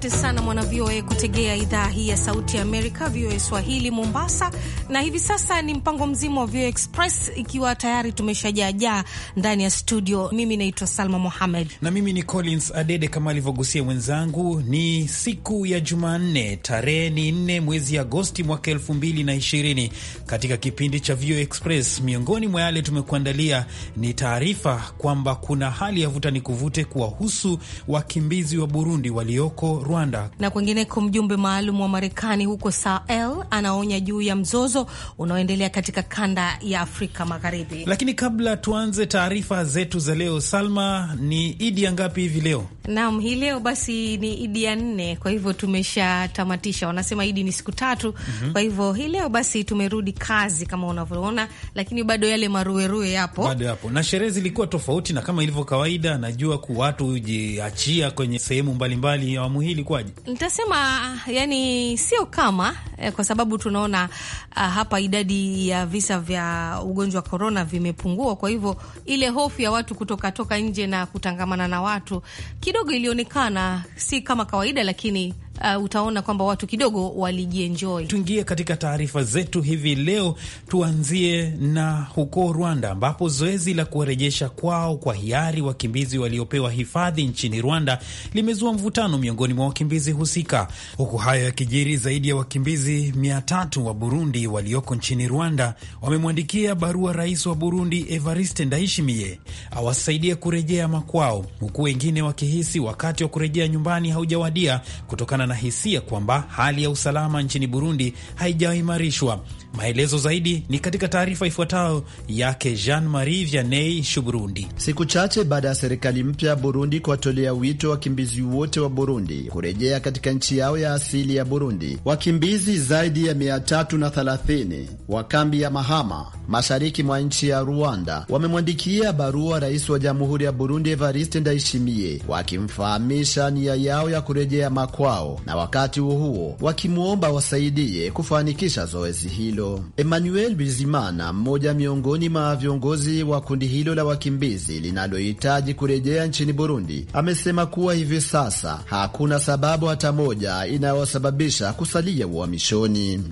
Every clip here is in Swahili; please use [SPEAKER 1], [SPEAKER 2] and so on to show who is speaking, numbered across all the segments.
[SPEAKER 1] Asante sana mwana VOA kutegea idhaa hii ya Sauti ya Amerika, VOA Swahili Mombasa. Na hivi sasa ni mpango mzima wa VOA Express, ikiwa tayari tumeshajaajaa ndani ya studio. Mimi naitwa
[SPEAKER 2] Salma Mohamed na mimi ni Collins Adede. Kama alivyogusia mwenzangu, ni siku ya Jumanne, tarehe ni nne mwezi Agosti mwaka elfu mbili na ishirini. Katika kipindi cha VOA Express, miongoni mwa yale tumekuandalia ni taarifa kwamba kuna hali ya vuta ni kuvute kuwahusu wakimbizi wa Burundi walioko Rwanda.
[SPEAKER 1] Na kwingineko, mjumbe maalum wa Marekani huko Sahel anaonya juu ya mzozo unaoendelea katika kanda ya Afrika Magharibi. Lakini
[SPEAKER 2] kabla tuanze taarifa zetu za leo, Salma, ni idi ya ngapi hivi leo?
[SPEAKER 1] Naam, hii leo basi ni idi ya nne, kwa hivyo tumeshatamatisha. Wanasema idi ni siku tatu. mm -hmm. Kwa hivyo hii leo basi tumerudi kazi kama unavyoona, lakini bado yale maruerue yapo, bado
[SPEAKER 2] yapo, na sherehe zilikuwa tofauti na kama ilivyo kawaida. Najua ku watu hujiachia kwenye sehemu mbalimbali, awamu hii ilikuwaje?
[SPEAKER 1] Nitasema yani sio kama eh, kwa sababu tunaona ah, hapa idadi ya visa vya ugonjwa wa korona vimepungua, kwa hivyo ile hofu ya watu kutokatoka nje na kutangamana na watu kidogo ilionekana si kama kawaida, lakini uh, utaona kwamba watu kidogo walijienjoy.
[SPEAKER 2] Tuingie katika taarifa zetu hivi leo, tuanzie na huko Rwanda ambapo zoezi la kuwarejesha kwao kwa hiari wakimbizi waliopewa hifadhi nchini Rwanda limezua mvutano miongoni mwa wakimbizi husika, huku hayo yakijiri, zaidi ya wakimbizi mia tatu wa Burundi walioko nchini Rwanda wamemwandikia barua rais wa Burundi Evariste Ndayishimiye awasaidie kurejea makwao, huku wengine wakihisi wakati wa kurejea nyumbani haujawadia kutokana wana kwamba hali ya usalama nchini Burundi haijaimarishwa Maelezo zaidi ni katika taarifa ifuatayo yake Jean Marie Vianney Shuburundi.
[SPEAKER 3] Siku chache baada ya serikali mpya ya Burundi kuwatolea wito wakimbizi wote wa Burundi kurejea katika nchi yao ya asili ya Burundi, wakimbizi zaidi ya 330 wa kambi ya Mahama mashariki mwa nchi ya Rwanda wamemwandikia barua rais wa jamhuri ya Burundi Evariste Ndayishimiye wakimfahamisha nia yao ya kurejea makwao na wakati huo wakimwomba wasaidie kufanikisha zoezi hilo hilo. Emmanuel Bizimana, mmoja miongoni mwa viongozi wa kundi hilo la wakimbizi linalohitaji kurejea nchini Burundi, amesema kuwa hivi sasa hakuna sababu hata moja inayosababisha kusalia uhamishoni.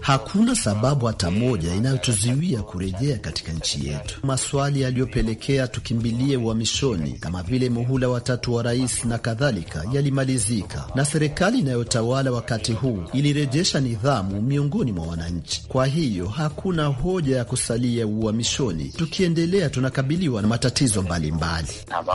[SPEAKER 3] Hakuna sababu hata moja inayotuzuia kurejea katika nchi yetu. Maswali yaliyopelekea tukimbilie uhamishoni kama vile muhula watatu wa rais na kadhalika yalimalizika na serikali inayotawala wakati huu ilirejesha nidhamu miongoni mwa wananchi. Kwa hiyo hakuna hoja ya kusalia uhamishoni. Tukiendelea tunakabiliwa na matatizo mbalimbali mbali.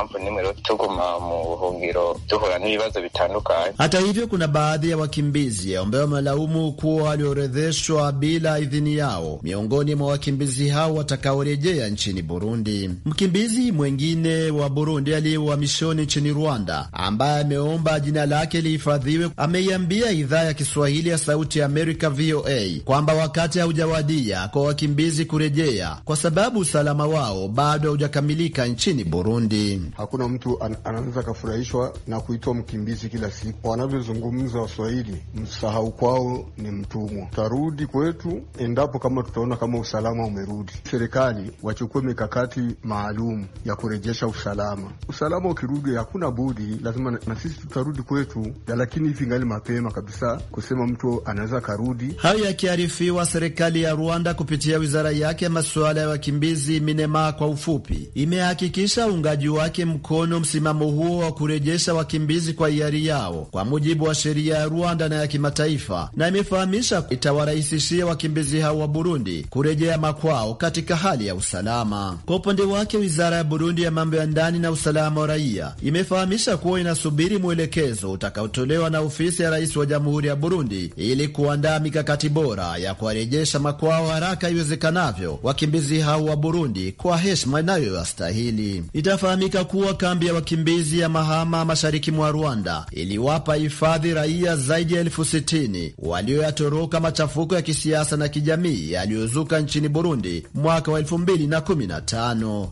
[SPEAKER 3] Hata hivyo, kuna baadhi ya wakimbizi ambao wamelaumu kuwa walioredheshwa bila idhini yao miongoni mwa wakimbizi hao watakaorejea nchini Burundi. Mkimbizi mwengine wa Burundi aliye uhamishoni nchini Rwanda ambaye ameomba jina lake lihifadhiwe ameiambia idhaa ya Kiswahili ya Sauti ya Amerika, VOA, kwamba wakati haujawadia kwa wakimbizi kurejea kwa sababu usalama wao bado haujakamilika nchini Burundi.
[SPEAKER 4] Hakuna mtu an anaweza akafurahishwa na kuitwa mkimbizi kila siku. Wanavyozungumza Waswahili, msahau kwao ni mtumwa. Tutarudi kwetu endapo kama tutaona kama usalama umerudi. Serikali wachukue mikakati maalum ya kurejesha usalama. Usalama ukirudi, hakuna budi, lazima na sisi tutarudi kwetu, lakini hivi ngali mapema kabisa kusema mtu anaweza karudi.
[SPEAKER 3] Hayo yakiarifiwa, serikali ya Rwanda kupitia wizara yake ya masuala ya wakimbizi Minema kwa ufupi, imehakikisha uungaji wake mkono msimamo huo wa kurejesha wakimbizi kwa hiari yao kwa mujibu wa sheria ya Rwanda na ya kimataifa, na imefahamisha itawarahisishia wakimbizi hao wa Burundi kurejea makwao katika hali ya usalama. Kwa upande wake, wizara ya Burundi ya mambo ya ndani na usalama wa raia imefahamisha kuwa inasubiri mwelekezo utakaotolewa na ofisi ya rais wa jamhuri ya Burundi ili kuandaa mikakati bora ya kuwarejesha makwao haraka iwezekanavyo wakimbizi hao wa Burundi kwa heshima inayowastahili. Itafahamika kuwa kambi ya wakimbizi ya Mahama mashariki mwa Rwanda iliwapa hifadhi raia zaidi ya elfu sitini walioyatoroka machafuko ya kisiasa na kijamii yaliyozuka nchini Burundi mwaka wa elfu mbili na kumi na tano.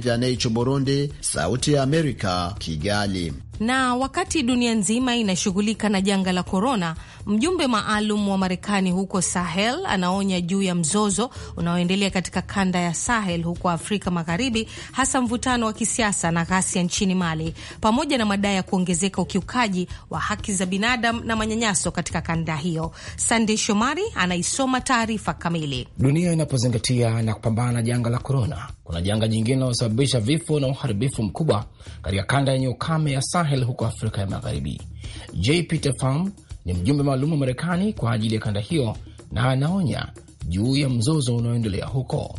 [SPEAKER 3] Vianney, Burundi, Sauti ya Amerika, Kigali.
[SPEAKER 1] Na wakati dunia nzima inashughulika na janga la korona, mjumbe maalum wa Marekani huko Sahel anaonya juu ya mzozo unaoendelea katika kanda ya Sahel huko Afrika Magharibi, hasa mvutano wa kisiasa na ghasia nchini Mali, pamoja na madai ya kuongezeka ukiukaji wa haki za binadamu na manyanyaso katika kanda hiyo. Sandey Shomari anaisoma taarifa kamili.
[SPEAKER 5] Dunia inapozingatia na kupambana na janga la korona kuna janga jingine linalosababisha vifo na uharibifu mkubwa katika kanda yenye ukame ya Sahel huko Afrika ya Magharibi. J Peter Pham ni mjumbe maalum wa Marekani kwa ajili ya kanda hiyo, na anaonya juu ya mzozo unaoendelea huko,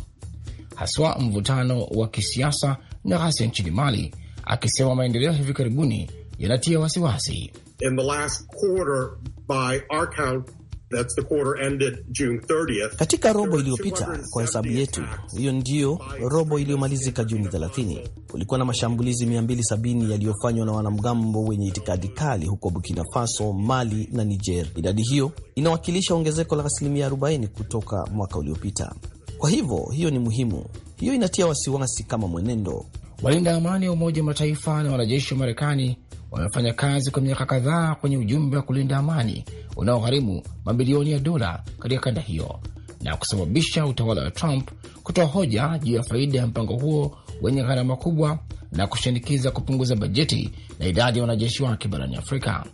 [SPEAKER 5] haswa mvutano wa kisiasa na ghasia nchini Mali, akisema maendeleo hivi karibuni
[SPEAKER 6] yanatia wasiwasi.
[SPEAKER 7] In the last quarter, by our count, That's the quarter ended June 30th.
[SPEAKER 6] Katika robo iliyopita kwa hesabu yetu, hiyo ndiyo robo iliyomalizika Juni 30, kulikuwa na mashambulizi 270 yaliyofanywa na wanamgambo wenye itikadi kali huko Burkina Faso, Mali na Niger. Idadi hiyo inawakilisha ongezeko la asilimia 40 kutoka mwaka uliopita. Kwa hivyo hiyo ni muhimu, hiyo inatia wasiwasi kama mwenendo. Walinda amani ya Umoja wa Mataifa na wanajeshi wa Marekani
[SPEAKER 5] wamefanya kazi kwa miaka kadhaa kwenye ujumbe wa kulinda amani unaogharimu mabilioni ya dola katika kanda hiyo na kusababisha utawala wa Trump kutoa hoja juu ya faida ya mpango huo wenye gharama kubwa na kushinikiza kupunguza bajeti na idadi ya wanajeshi wake barani Afrika.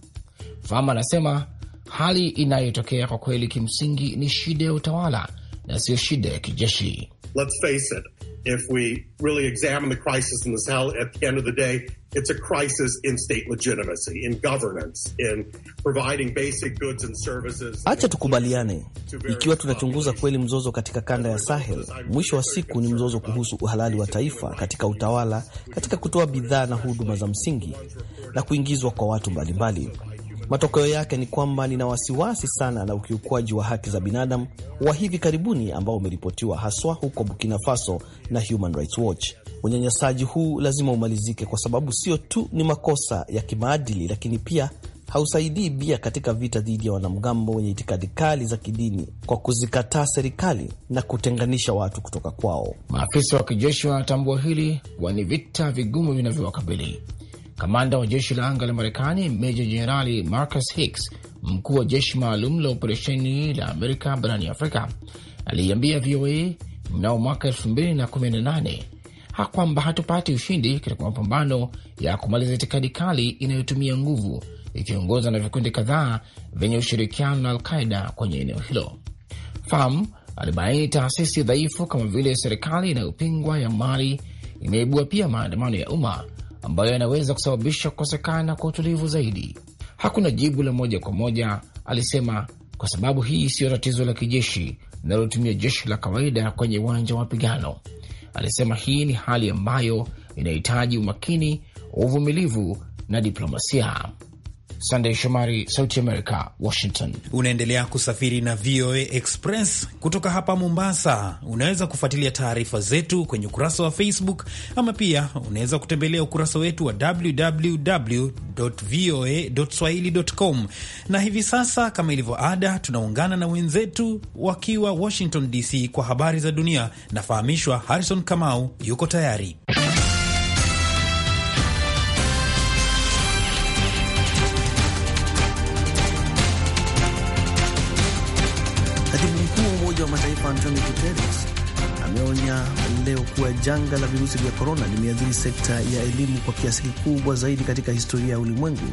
[SPEAKER 5] Fama anasema hali inayotokea kwa kweli kimsingi ni shida ya utawala na siyo shida ya kijeshi.
[SPEAKER 7] Let's face it, if we really examine the crisis in the Sahel at the end of the day It's a crisis in state legitimacy, in governance, in providing basic goods and services.
[SPEAKER 6] Acha tukubaliane, ikiwa tunachunguza kweli mzozo katika kanda ya Sahel, mwisho wa siku ni mzozo kuhusu uhalali wa taifa katika utawala, katika kutoa bidhaa na huduma za msingi na kuingizwa kwa watu mbalimbali mbali. Matokeo yake ni kwamba nina wasiwasi sana na ukiukwaji wa haki za binadamu wa hivi karibuni ambao umeripotiwa haswa huko Burkina Faso na Human Rights Watch. Unyanyasaji huu lazima umalizike, kwa sababu sio tu ni makosa ya kimaadili, lakini pia hausaidii bia katika vita dhidi ya wanamgambo wenye itikadi kali za kidini kwa kuzikataa serikali na kutenganisha watu kutoka kwao. Maafisa wa
[SPEAKER 5] kijeshi wanatambua hili wani vita vigumu vinavyowakabili Kamanda wa jeshi la anga la Marekani meja jenerali Marcus Hicks, mkuu wa jeshi maalum la operesheni la Amerika barani Afrika, aliiambia VOA mnao mwaka 2018 kwamba hatupati ushindi katika mapambano ya kumaliza itikadi kali inayotumia nguvu ikiongozwa na vikundi kadhaa vyenye ushirikiano na Alqaida kwenye eneo hilo. fam alibaini taasisi dhaifu kama vile serikali inayopingwa ya Mali imeibua pia maandamano ya umma ambayo yanaweza kusababisha kukosekana kwa utulivu zaidi. Hakuna jibu la moja kwa moja, alisema, kwa sababu hii siyo tatizo la kijeshi linalotumia jeshi la kawaida kwenye uwanja wa mapigano. Alisema hii ni hali ambayo inahitaji umakini, uvumilivu na diplomasia. Sandey Shomari, Sauti America, Washington.
[SPEAKER 2] Unaendelea kusafiri na VOA Express kutoka hapa Mombasa. Unaweza kufuatilia taarifa zetu kwenye ukurasa wa Facebook ama pia unaweza kutembelea ukurasa wetu wa www voa swahili com. Na hivi sasa, kama ilivyo ada, tunaungana na wenzetu wakiwa Washington DC kwa habari za dunia. Nafahamishwa Harrison Kamau yuko tayari.
[SPEAKER 6] kuwa janga la virusi vya korona limeathiri sekta ya elimu kwa kiasi kikubwa zaidi katika historia ya ulimwengu,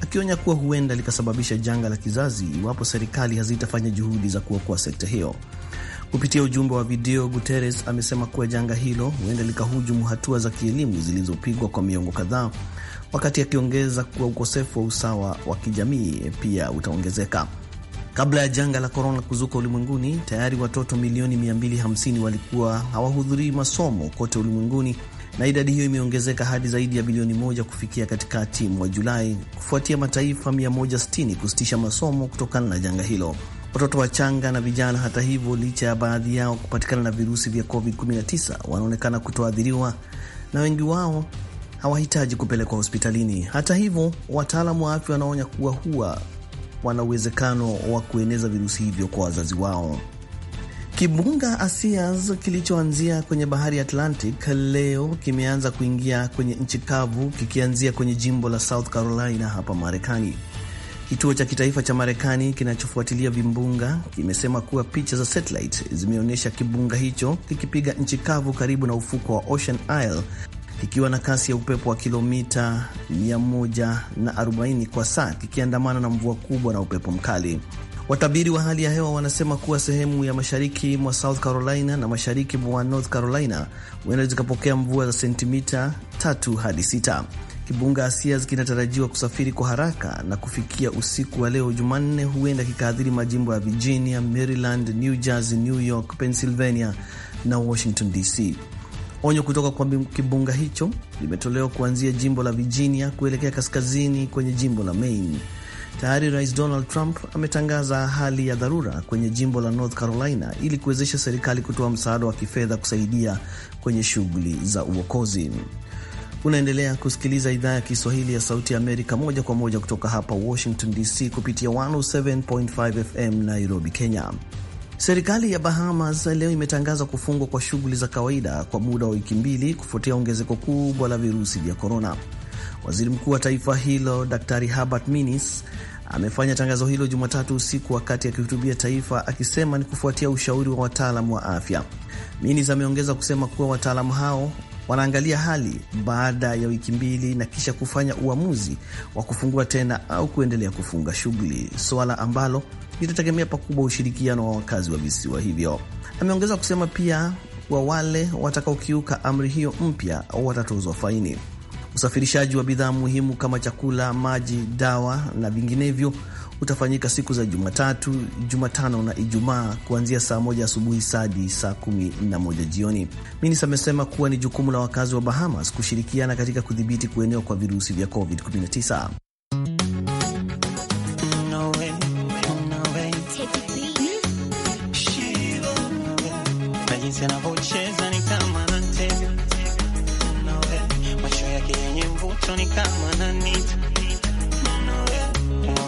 [SPEAKER 6] akionya kuwa huenda likasababisha janga la kizazi iwapo serikali hazitafanya juhudi za kuokoa sekta hiyo. Kupitia ujumbe wa video, Guterres amesema kuwa janga hilo huenda likahujumu hatua za kielimu zilizopigwa kwa miongo kadhaa, wakati akiongeza kuwa ukosefu wa usawa wa kijamii pia utaongezeka. Kabla ya janga la korona kuzuka ulimwenguni, tayari watoto milioni 250 walikuwa hawahudhurii masomo kote ulimwenguni, na idadi hiyo imeongezeka hadi zaidi ya bilioni moja kufikia katikati mwa Julai, kufuatia mataifa 160 kusitisha masomo kutokana na janga hilo. Watoto wachanga na vijana, hata hivyo, licha ya baadhi yao kupatikana na virusi vya COVID-19, wanaonekana kutoathiriwa na wengi wao hawahitaji kupelekwa hospitalini. Hata hivyo, wataalamu wa afya wanaonya kuwa huwa wana uwezekano wa kueneza virusi hivyo kwa wazazi wao. Kimbunga Asias kilichoanzia kwenye bahari Atlantic leo kimeanza kuingia kwenye nchi kavu kikianzia kwenye jimbo la South Carolina hapa Marekani. Kituo cha kitaifa cha Marekani kinachofuatilia vimbunga kimesema kuwa picha za satellite zimeonyesha kimbunga hicho kikipiga nchi kavu karibu na ufuko wa Ocean Isle ikiwa na kasi ya upepo wa kilomita 140 kwa saa kikiandamana na mvua kubwa na upepo mkali. Watabiri wa hali ya hewa wanasema kuwa sehemu ya mashariki mwa South Carolina na mashariki mwa North Carolina huenda zikapokea mvua za sentimita 3 hadi 6. Kibunga Asias kinatarajiwa kusafiri kwa haraka na kufikia usiku wa leo Jumanne, huenda kikaadhiri majimbo ya Virginia, Maryland, New Jersey, New York, Pennsylvania na Washington DC. Onyo kutoka kwa kimbunga hicho limetolewa kuanzia jimbo la Virginia kuelekea kaskazini kwenye jimbo la Maine. Tayari Rais Donald Trump ametangaza hali ya dharura kwenye jimbo la North Carolina ili kuwezesha serikali kutoa msaada wa kifedha kusaidia kwenye shughuli za uokozi. Unaendelea kusikiliza idhaa ya Kiswahili ya Sauti ya Amerika moja kwa moja kutoka hapa Washington DC, kupitia 107.5 FM Nairobi, Kenya. Serikali ya Bahamas leo imetangaza kufungwa kwa shughuli za kawaida kwa muda wa wiki mbili kufuatia ongezeko kubwa la virusi vya korona. Waziri mkuu wa taifa hilo Daktari Herbert Minnis amefanya tangazo hilo Jumatatu usiku wakati akihutubia taifa akisema ni kufuatia ushauri wa wataalamu wa afya. Minnis ameongeza kusema kuwa wataalamu hao wanaangalia hali baada ya wiki mbili na kisha kufanya uamuzi wa kufungua tena au kuendelea kufunga shughuli, suala ambalo litategemea pakubwa ushirikiano wa wakazi wa visiwa hivyo. Ameongeza kusema pia kwa wale watakaokiuka amri hiyo mpya watatozwa faini. Usafirishaji wa bidhaa muhimu kama chakula, maji, dawa na vinginevyo utafanyika siku za Jumatatu, Jumatano na Ijumaa kuanzia saa moja asubuhi hadi saa kumi na moja jioni. Minis amesema kuwa ni jukumu la wakazi wa Bahamas kushirikiana katika kudhibiti kuenewa kwa virusi vya COVID-19.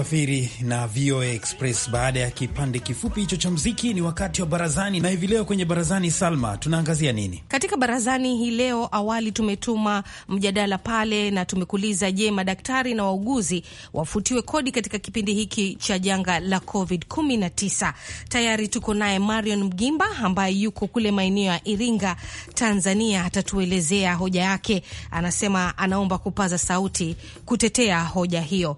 [SPEAKER 2] usafiri na VOA Express. Baada ya kipande kifupi hicho cha mziki, ni wakati wa barazani, na hivi leo kwenye barazani, Salma, tunaangazia nini
[SPEAKER 1] katika barazani hii leo? Awali tumetuma mjadala pale na tumekuuliza, je, madaktari na wauguzi wafutiwe kodi katika kipindi hiki cha janga la Covid 19? Tayari tuko naye Marion Mgimba ambaye yuko kule maeneo ya Iringa, Tanzania, atatuelezea hoja yake. Anasema anaomba kupaza sauti kutetea hoja hiyo.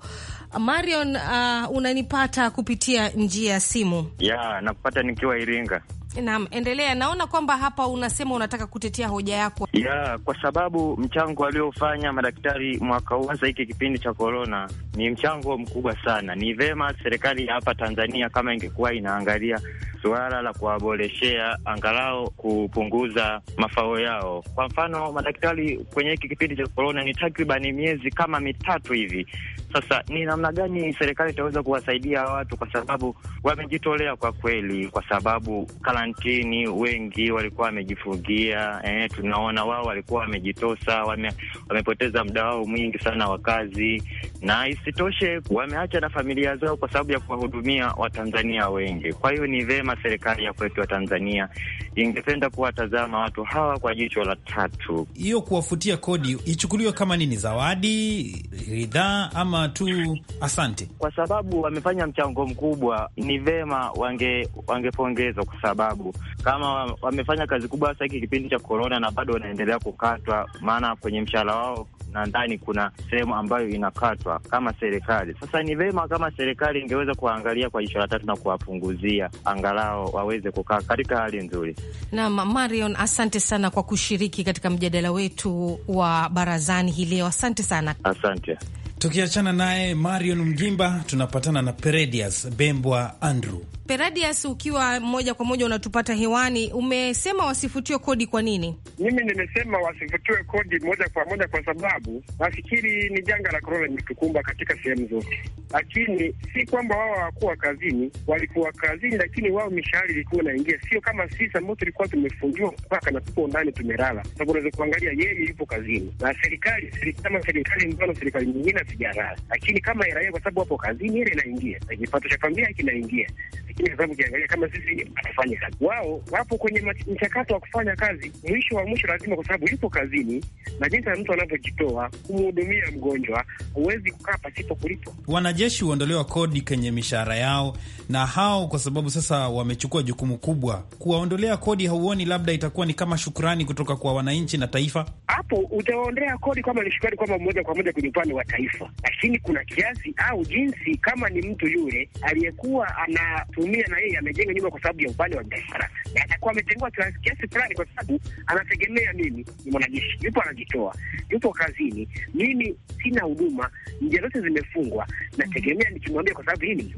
[SPEAKER 1] Uh, Marion, uh, unanipata kupitia njia ya simu?
[SPEAKER 8] Ya, nakupata nikiwa Iringa.
[SPEAKER 1] Naam, endelea. Naona kwamba hapa unasema unataka kutetea
[SPEAKER 8] hoja yako ya, kwa sababu mchango aliofanya madaktari mwaka huu, hasa hiki kipindi cha korona, ni mchango mkubwa sana. Ni vema serikali ya hapa Tanzania kama ingekuwa inaangalia suala la kuwaboreshea angalau kupunguza mafao yao. Kwa mfano, madaktari kwenye hiki kipindi cha korona ni takriban miezi kama mitatu hivi. Sasa ni namna gani serikali itaweza kuwasaidia watu, kwa sababu wamejitolea kwa kweli, kwa sababu kala karantini, wengi walikuwa wamejifungia. Eh, tunaona wao walikuwa wamejitosa, wame, wamepoteza muda wao mwingi sana wa kazi, na isitoshe wameacha na familia zao kwa sababu ya kuwahudumia Watanzania wengi. Kwa hiyo ni vema serikali ya kwetu ya Tanzania ingependa kuwatazama watu hawa kwa jicho la tatu.
[SPEAKER 2] Hiyo kuwafutia kodi ichukuliwe kama nini, zawadi, ridhaa ama tu asante,
[SPEAKER 8] kwa sababu wamefanya mchango mkubwa. Ni vema wange wangepongezwa kwa sababu sababu kama wamefanya kazi kubwa sasa hiki kipindi cha korona, na bado wanaendelea kukatwa, maana kwenye mshahara wao na ndani kuna sehemu ambayo inakatwa kama serikali. Sasa ni vema kama serikali ingeweza kuwaangalia kwa jicho la tatu na kuwapunguzia angalau waweze kukaa katika hali nzuri.
[SPEAKER 1] Naam, Marion, asante sana kwa kushiriki katika mjadala wetu wa barazani hii leo. Asante sana,
[SPEAKER 8] asante.
[SPEAKER 2] Tukiachana naye Marion Mgimba, tunapatana na Peredias Bembwa Andrew.
[SPEAKER 1] Peradias, ukiwa moja kwa moja unatupata hewani, umesema wasifutiwe kodi. Kwa nini?
[SPEAKER 7] Mimi nimesema wasifutiwe kodi moja kwa moja kwa sababu nafikiri ni janga la korona limetukumba katika sehemu zote, lakini si kwamba wao hawakuwa kazini, walikuwa kazini, lakini wao mishahara ilikuwa inaingia, sio kama sisi ambao tulikuwa tumefungiwa mpaka na tuko ndani tumelala. Sababu unaweza kuangalia yeye yupo kazini na serikali, serikali kama serikali mfano serikali nyingine sijaraa, lakini kama hela hiyo, kwa sababu hapo kazini, ile inaingia na kipato cha familia kinaingia. Lakini kwa sababu ukiangalia kama sisi atafanya kazi, wao wapo kwenye mchakato wa kufanya kazi, mwisho wa mwisho lazima, kwa sababu yupo kazini na jinsi mtu anavyojitoa kumhudumia mgonjwa, huwezi kukaa pasipo
[SPEAKER 2] kulipwa. Wanajeshi huondolewa kodi kwenye mishahara yao, na hao kwa sababu sasa wamechukua jukumu kubwa, kuwaondolea kodi, hauoni labda itakuwa ni kama shukrani kutoka kwa wananchi na taifa?
[SPEAKER 7] Hapo utawaondolea kodi kama ni shukrani, kwamba moja kwa moja kwenye upande wa taifa kifo, lakini kuna kiasi au jinsi, kama ni mtu yule aliyekuwa anatumia na yeye amejenga nyumba kwa sababu ya upande wa biashara, na atakuwa ametengua kiasi fulani, kwa sababu anategemea mimi ni mwanajeshi, yupo anajitoa, yupo kazini, mimi sina huduma, njia zote zimefungwa, nategemea nikimwambia, kwa sababu hii ni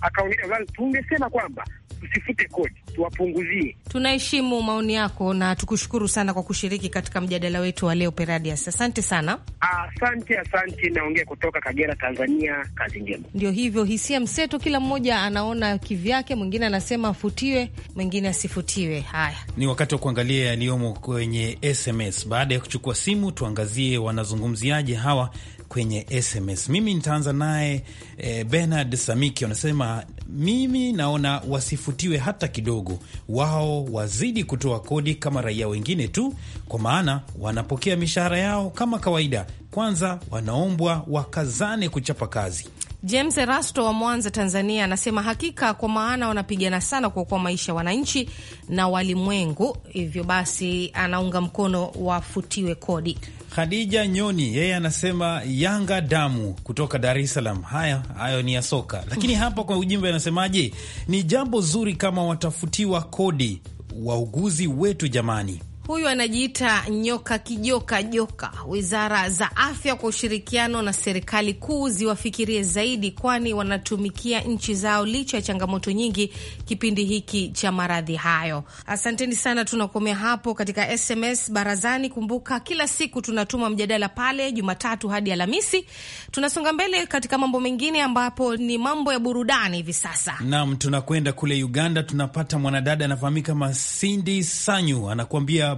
[SPEAKER 7] akaongea, tungesema kwamba tusifute kodi, tuwapunguzie.
[SPEAKER 1] Tunaheshimu maoni yako na tukushukuru sana kwa kushiriki katika mjadala wetu wa leo, Peradias, asante sana.
[SPEAKER 7] Aa, Asante, asante. Naongea kutoka Kagera, Tanzania. Kazi njema.
[SPEAKER 1] Ndio hivyo, hisia mseto, kila mmoja anaona kivyake. Mwingine anasema afutiwe, mwingine asifutiwe. Haya,
[SPEAKER 2] ni wakati wa kuangalia yaliyomo kwenye SMS. Baada ya kuchukua simu, tuangazie wanazungumziaje hawa kwenye SMS. Mimi nitaanza naye e, Bernard Samiki anasema mimi naona wasifutiwe hata kidogo, wao wazidi kutoa kodi kama raia wengine tu, kwa maana wanapokea mishahara yao kama kawaida. Kwanza wanaombwa wakazane kuchapa kazi.
[SPEAKER 1] James Erasto wa Mwanza, Tanzania, anasema hakika, kwa maana wanapigana sana kuokoa maisha ya wananchi na walimwengu. Hivyo basi, anaunga mkono wafutiwe kodi.
[SPEAKER 2] Khadija Nyoni yeye anasema Yanga damu kutoka Dar es Salaam. Haya hayo ni ya soka, lakini hapa kwa ujimbe anasemaje? Ni jambo zuri kama watafutiwa kodi wauguzi wetu jamani
[SPEAKER 1] Huyu anajiita nyoka kijoka joka. Wizara za afya kwa ushirikiano na serikali kuu ziwafikirie zaidi, kwani wanatumikia nchi zao licha ya changamoto nyingi kipindi hiki cha maradhi hayo. Asanteni sana, tunakomea hapo katika SMS barazani. Kumbuka kila siku tunatuma mjadala pale, Jumatatu hadi Alhamisi. Tunasonga mbele katika mambo mengine, ambapo ni mambo ya burudani hivi sasa.
[SPEAKER 2] Naam, tunakwenda kule Uganda, tunapata mwanadada anafahamika kama Cindy Sanyu anakuambia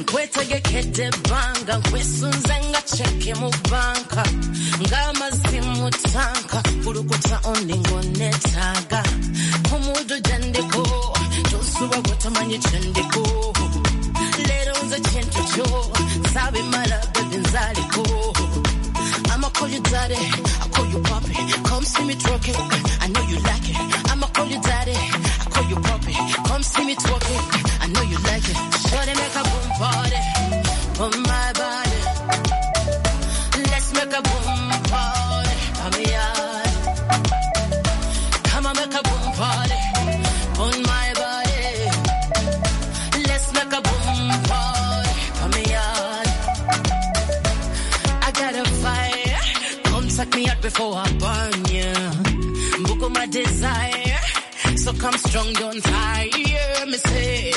[SPEAKER 9] nkwetegekede ebbanga nkwesunze nga ceke mu bbanka ng'amazzi mu tanka kulukuta oningo neetaaga omuntu gyandiko tosuba gwe kyendiko leero nze kintu kyo saabimala bebi I'ma call you daddy, I call you puppy. Come see me talking, I know you like it. I'ma call you daddy, I call you puppy. Come see me talking, I know you like it. So they make a boom party, boom my body. Let's make a boom party, come here. Come on, make a boom party, boom my body. Let's make a boom party, come here. I got a fire, come suck me out before I burn ya. Book on my desire, so come strong, don't tire, me say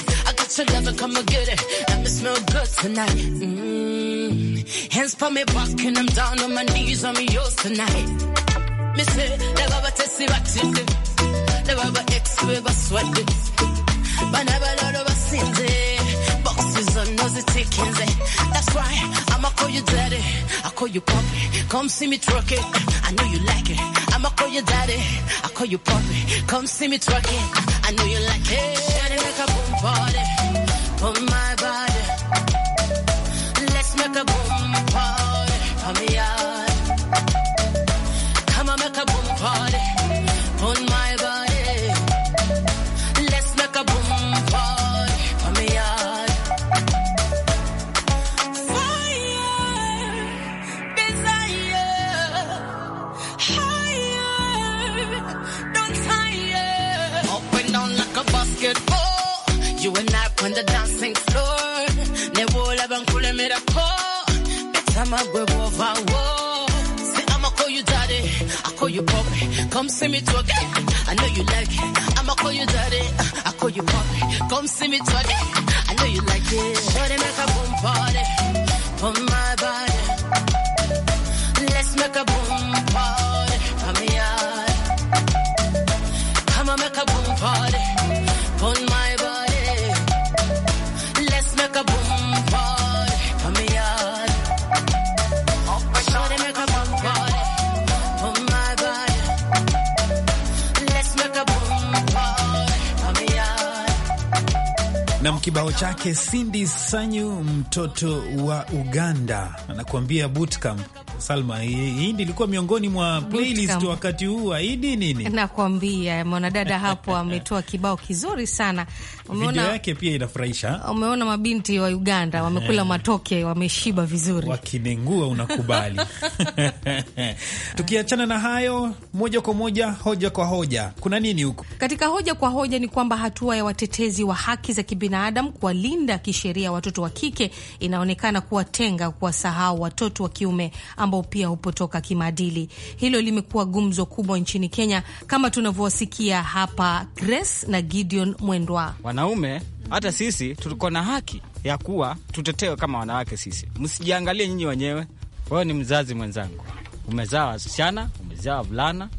[SPEAKER 9] love lover, come and get it. let me smell good tonight. Mm. Hands for me walking, I'm down on my knees, I'm yours tonight. Me say, never but to see what you do. Never but X, we but sweat But never lot of us in Boxes on nosy chickens. Eh. That's why I'ma call you daddy. I call you puppy. Come see me truck it. I know you like it. I'ma call you daddy. I call you puppy. Come see me truck it. I know you like it. Shut it like a boom party on my
[SPEAKER 2] kibao chake Cindy Sanyu, mtoto wa Uganda, anakuambia bootcamp. Salma, hii ndilikuwa miongoni mwa playlist wakati huu. Aidi nini
[SPEAKER 1] nakuambia mwanadada hapo ametoa kibao kizuri sana Umeona, video yake
[SPEAKER 2] pia inafurahisha.
[SPEAKER 1] Umeona mabinti wa Uganda wamekula eh. matoke, wameshiba vizuri,
[SPEAKER 2] wakinengua unakubali. Tukiachana na hayo, moja kwa moja hoja kwa hoja, kuna nini huko
[SPEAKER 1] katika hoja kwa hoja? Ni kwamba hatua ya watetezi wa haki za kibinadamu kuwalinda kisheria watoto wa kike inaonekana kuwatenga, kuwasahau watoto wa kiume ambao pia hupotoka kimaadili. Hilo limekuwa gumzo kubwa nchini Kenya, kama tunavyowasikia hapa Grace na Gideon Mwendwa
[SPEAKER 10] wanaume, hata sisi tulikuwa na haki ya kuwa tutetewe kama wanawake sisi. Msijiangalie nyinyi wenyewe. Wewe ni mzazi mwenzangu, umezaa wasichana, umezaa wavulana,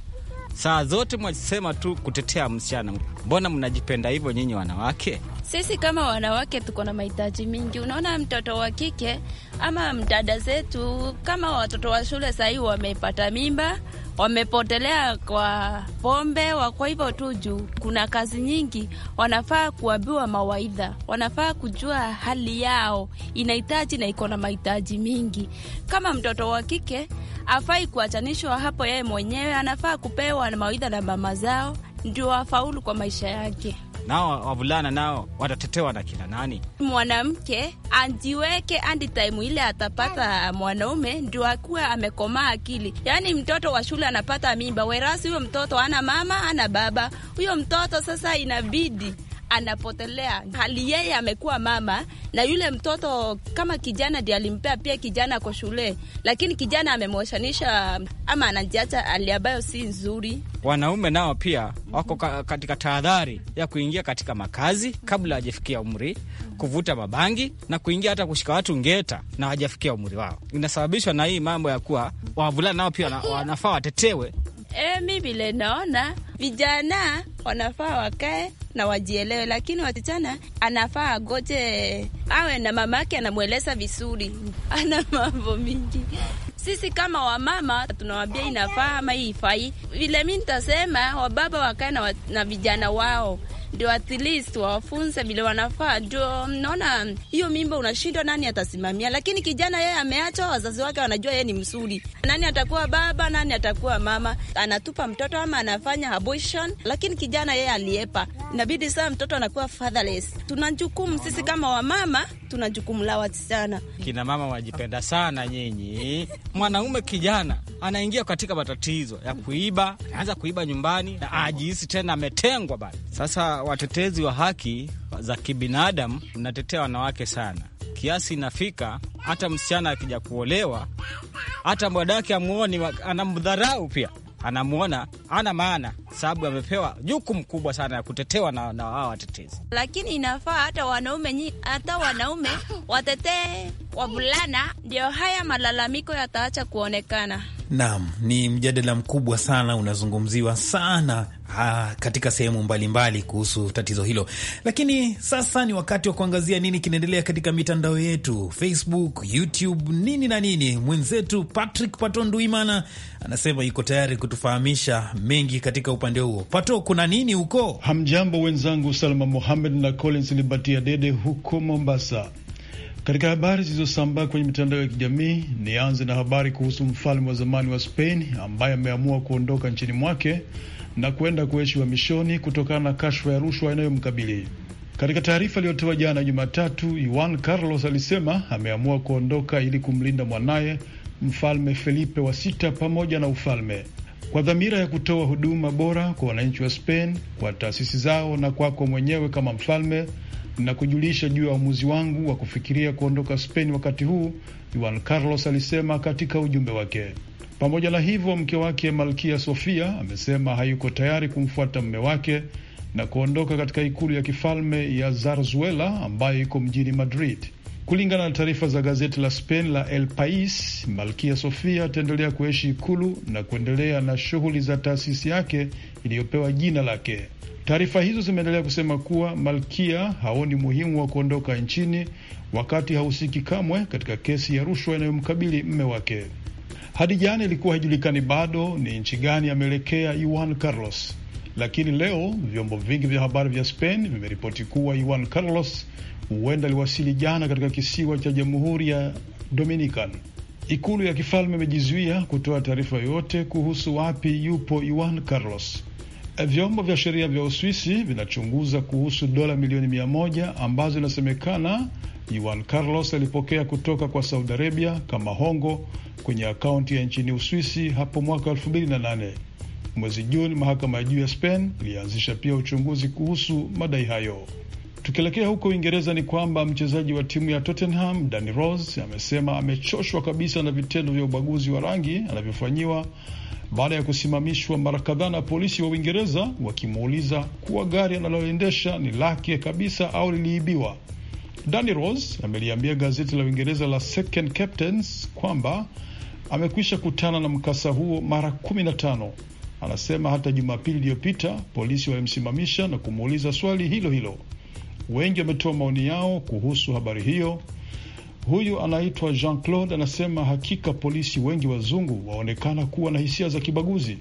[SPEAKER 10] saa zote mwasema tu kutetea msichana. Mbona mnajipenda hivyo nyinyi wanawake?
[SPEAKER 11] Sisi kama wanawake tuko na mahitaji mingi. Unaona, mtoto wa kike ama mdada zetu kama watoto wa shule sahii wamepata mimba wamepotelea kwa pombe, wako hivyo tu juu kuna kazi nyingi. Wanafaa kuambiwa mawaidha, wanafaa kujua hali yao inahitaji na iko na mahitaji mingi. Kama mtoto wa kike afai kuachanishwa hapo, yeye mwenyewe anafaa kupewa na mawaidha na mama zao, ndio afaulu kwa maisha yake
[SPEAKER 10] nao wavulana nao watatetewa na kina nani?
[SPEAKER 11] Mwanamke anjiweke andi taimu ile atapata mwanaume ndio akuwa amekomaa akili. Yaani mtoto wa shule anapata mimba, werasi huyo mtoto ana mama ana baba. Huyo mtoto sasa inabidi anapotelea, hali yeye amekuwa mama na yule mtoto kama kijana ndiye alimpea pia kijana kwa shule, lakini kijana amemwoshanisha ama anajiacha hali ambayo si nzuri.
[SPEAKER 10] Wanaume nao pia wako ka, katika tahadhari ya kuingia katika makazi kabla hawajafikia umri, kuvuta mabangi na kuingia hata kushika watu ngeta na hawajafikia umri wao. Inasababishwa na hii mambo ya kuwa wavulana nao pia wanafaa watetewe
[SPEAKER 11] E, mi vile naona vijana wanafaa wakae na wajielewe, lakini wasichana anafaa agoje awe na mamake anamweleza vizuri, ana mambo mingi. Sisi kama wamama tunawambia inafaa ama ifai. Vile mi nitasema wababa wakae na, na vijana wao ndio at least wawafunze vile wanafaa. Ndio naona hiyo mimba unashindwa, nani atasimamia? Lakini kijana yeye ameacha, wazazi wake wanajua yeye ni msuri. Nani atakuwa baba? Nani atakuwa mama? Anatupa mtoto ama anafanya abortion, lakini kijana yeye aliepa, inabidi saa mtoto anakuwa fatherless. Tuna jukumu sisi kama wamama, tuna jukumu la wasichana.
[SPEAKER 10] Kina mama wajipenda sana nyinyi. Mwanaume kijana anaingia katika matatizo ya kuiba, anaanza kuiba nyumbani, na ajihisi tena ametengwa bana. Sasa watetezi wa haki za kibinadamu mnatetea wanawake sana, kiasi inafika hata msichana akija kuolewa, hata mwadake amuoni, anamdharau pia, anamwona ana maana, sababu amepewa jukumu kubwa sana ya kutetewa na hawa watetezi.
[SPEAKER 11] Lakini inafaa hata wanaume, hata wanaume watetee wavulana, ndio haya malalamiko yataacha kuonekana.
[SPEAKER 2] Naam, ni mjadala mkubwa sana unazungumziwa sana ha, katika sehemu mbalimbali kuhusu tatizo hilo. Lakini sasa ni wakati wa kuangazia nini kinaendelea katika mitandao yetu Facebook, YouTube, nini na nini. Mwenzetu Patrick Pato Nduimana anasema yuko tayari kutufahamisha mengi katika upande huo.
[SPEAKER 4] Pato, kuna nini huko? Hamjambo wenzangu, Salma muhamed na Collins Libatia Dede huko Mombasa. Katika habari zilizosambaa kwenye mitandao ya kijamii, nianze na habari kuhusu mfalme wa zamani wa Spain ambaye ameamua kuondoka nchini mwake na kwenda kuishi uhamishoni kutokana na kashfa ya rushwa inayomkabili. Katika taarifa iliyotoa jana Jumatatu, Juan Carlos alisema ameamua kuondoka ili kumlinda mwanaye Mfalme Felipe wa sita pamoja na ufalme kwa dhamira ya kutoa huduma bora kwa wananchi wa Spain, kwa taasisi zao na kwako mwenyewe kama mfalme, na kujulisha juu ya uamuzi wangu wa kufikiria kuondoka Spain wakati huu, Juan Carlos alisema katika ujumbe wake. Pamoja na hivyo, mke wake Malkia Sofia amesema hayuko tayari kumfuata mme wake na kuondoka katika ikulu ya kifalme ya Zarzuela ambayo iko mjini Madrid. Kulingana na taarifa za gazeti la Spain la El Pais, Malkia Sofia ataendelea kuishi ikulu na kuendelea na shughuli za taasisi yake iliyopewa jina lake. Taarifa hizo zimeendelea kusema kuwa Malkia haoni muhimu wa kuondoka nchini wakati hahusiki kamwe katika kesi ya rushwa inayomkabili mme wake. Hadi jana ilikuwa haijulikani bado ni nchi gani ameelekea Juan Carlos, lakini leo vyombo vingi vya habari vya Spain vimeripoti kuwa Juan Carlos huenda aliwasili jana katika kisiwa cha Jamhuri ya Dominican. Ikulu ya kifalme imejizuia kutoa taarifa yoyote kuhusu wapi yupo Juan Carlos. Vyombo vya sheria vya Uswisi vinachunguza kuhusu dola milioni mia moja ambazo inasemekana Juan Carlos alipokea kutoka kwa Saudi Arabia kama hongo kwenye akaunti ya nchini Uswisi hapo mwaka 2008. Mwezi Juni, mahakama ya juu ya Spain ilianzisha pia uchunguzi kuhusu madai hayo. Tukielekea huko Uingereza ni kwamba mchezaji wa timu ya Tottenham Danny Rose amesema amechoshwa kabisa na vitendo vya ubaguzi wa rangi anavyofanyiwa baada ya kusimamishwa mara kadhaa na polisi wa Uingereza wakimuuliza kuwa gari analoendesha ni lake kabisa au liliibiwa. Danny Rose ameliambia gazeti la Uingereza la Second Captains kwamba amekwisha kutana na mkasa huo mara 15. Anasema hata Jumapili iliyopita polisi walimsimamisha na kumuuliza swali hilo hilo. Wengi wametoa maoni yao kuhusu habari hiyo. Huyu anaitwa Jean Claude, anasema hakika polisi wengi wazungu waonekana kuwa na hisia za kibaguzi,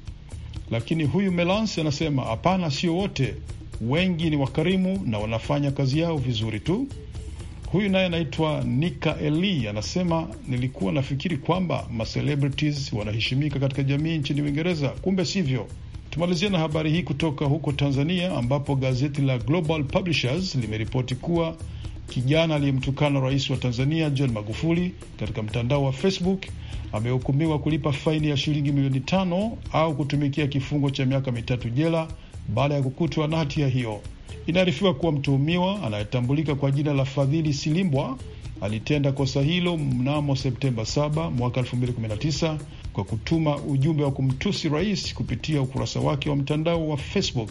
[SPEAKER 4] lakini huyu Melance anasema hapana, sio wote, wengi ni wakarimu na wanafanya kazi yao vizuri tu. Huyu naye anaitwa Nika Eli anasema nilikuwa nafikiri kwamba macelebrities wanaheshimika katika jamii nchini Uingereza, kumbe sivyo. Tumalizia na habari hii kutoka huko Tanzania, ambapo gazeti la Global Publishers limeripoti kuwa kijana aliyemtukana rais wa Tanzania John Magufuli katika mtandao wa Facebook amehukumiwa kulipa faini ya shilingi milioni tano au kutumikia kifungo cha miaka mitatu jela baada ya kukutwa na hatia hiyo. Inaarifiwa kuwa mtuhumiwa anayetambulika kwa jina la Fadhili Silimbwa alitenda kosa hilo mnamo Septemba 7 mwaka kwa kutuma ujumbe wa kumtusi rais kupitia ukurasa wake wa mtandao wa Facebook.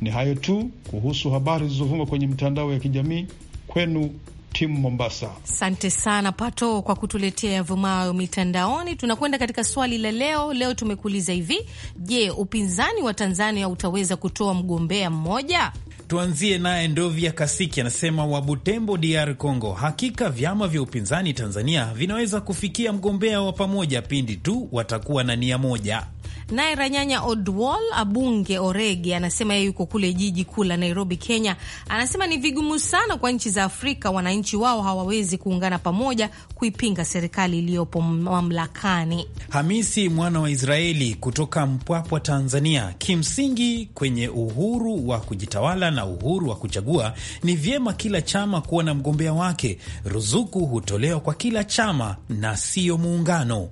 [SPEAKER 4] Ni hayo tu kuhusu habari zilizovuma kwenye mtandao ya kijamii kwenu. Timu Mombasa.
[SPEAKER 1] Asante sana Pato kwa kutuletea yavumayo mitandaoni. Tunakwenda katika swali la leo. Leo tumekuuliza hivi: je, upinzani wa Tanzania utaweza kutoa mgombea mmoja?
[SPEAKER 2] tuanzie naye Ndovya Kasiki anasema wa Butembo, DR Congo, hakika vyama vya upinzani Tanzania vinaweza kufikia mgombea wa pamoja pindi tu watakuwa na nia moja.
[SPEAKER 1] Naye Ranyanya Odwal Abunge Oregi anasema yeye yuko kule jiji kuu la Nairobi, Kenya. Anasema ni vigumu sana kwa nchi za Afrika, wananchi wao hawawezi kuungana pamoja kuipinga serikali iliyopo mamlakani.
[SPEAKER 2] Hamisi mwana wa Israeli kutoka Mpwapwa, Tanzania: kimsingi kwenye uhuru wa kujitawala na uhuru wa kuchagua, ni vyema kila chama kuwa na mgombea wake. Ruzuku hutolewa kwa kila chama na siyo muungano.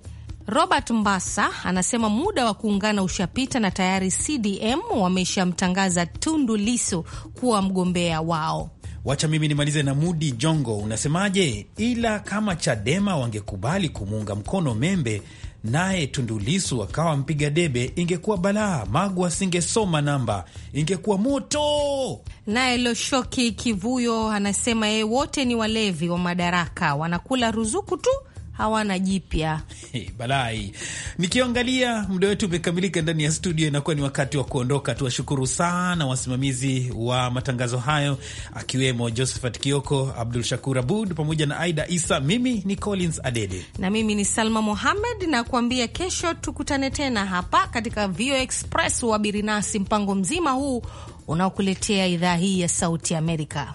[SPEAKER 2] Robert
[SPEAKER 1] Mbasa anasema muda wa kuungana ushapita na tayari CDM wameshamtangaza Tundu Lisu kuwa mgombea wao.
[SPEAKER 2] Wacha mimi nimalize na Mudi Jongo, unasemaje? Ila kama Chadema wangekubali kumuunga mkono Membe naye Tundu Lisu akawa mpiga debe, ingekuwa balaa. Magu asingesoma namba, ingekuwa moto.
[SPEAKER 1] Naye Loshoki Kivuyo anasema yeye eh, wote ni walevi wa madaraka, wanakula ruzuku tu hawana jipya.
[SPEAKER 2] Hey, balai. Nikiangalia muda wetu umekamilika ndani ya studio, inakuwa ni wakati wa kuondoka. Tuwashukuru sana wasimamizi wa matangazo hayo akiwemo Josephat Kioko, Abdul Shakur Abud pamoja na Aida Isa. Mimi ni Collins Adede
[SPEAKER 1] na mimi ni Salma Mohamed, na kuambia kesho tukutane tena hapa katika Vio Express. Uabiri nasi mpango mzima huu unaokuletea idhaa hii ya Sauti Amerika.